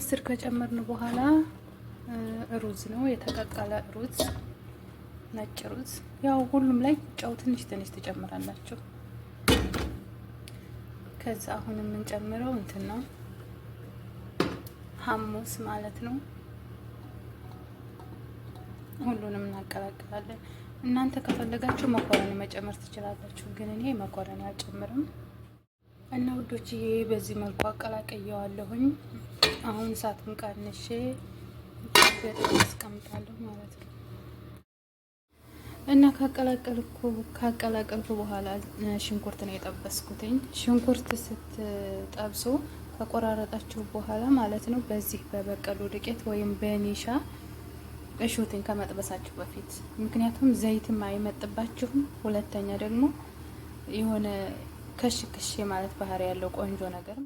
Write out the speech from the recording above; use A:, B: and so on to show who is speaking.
A: ምስር ከጨመርን በኋላ ሩዝ ነው የተቀቀለ ሩዝ፣ ነጭ ሩዝ። ያው ሁሉም ላይ ጨው ትንሽ ትንሽ ትጨምራላችሁ። ከዛ አሁን የምንጨምረው እንትን ነው ሐሙስ ማለት ነው። ሁሉንም እናቀላቅላለን። እናንተ ከፈለጋችሁ መኮረኒ መጨመር ትችላላችሁ፣ ግን እኔ መኮረኒ አልጨምርም። እና ውዶችዬ በዚህ መልኩ አቀላቀየዋለሁኝ። አሁን እሳቱን ቀንሼ በጣም አስቀምጣለሁ ማለት ነው። እና ካቀላቀልኩ ካቀላቀልኩ በኋላ ሽንኩርት ነው የጠበስኩትኝ። ሽንኩርት ስትጠብሱ ከቆራረጣችሁ በኋላ ማለት ነው በዚህ በበቀሉ ዱቄት ወይም በኒሻ እሾትን ከመጥበሳችሁ በፊት ምክንያቱም ዘይትም አይመጥባችሁም። ሁለተኛ ደግሞ የሆነ ከሽ ክሽ ማለት ባህሪ ያለው ቆንጆ ነገር